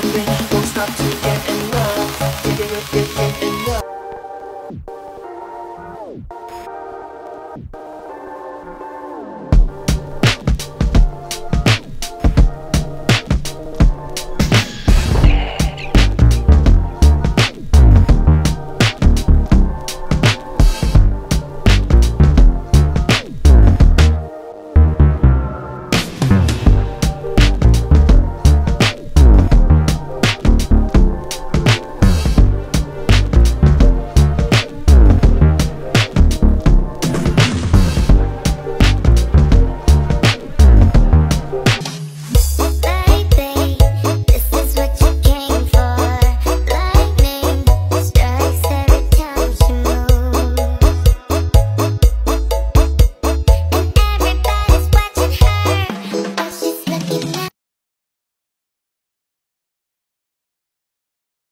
hungry.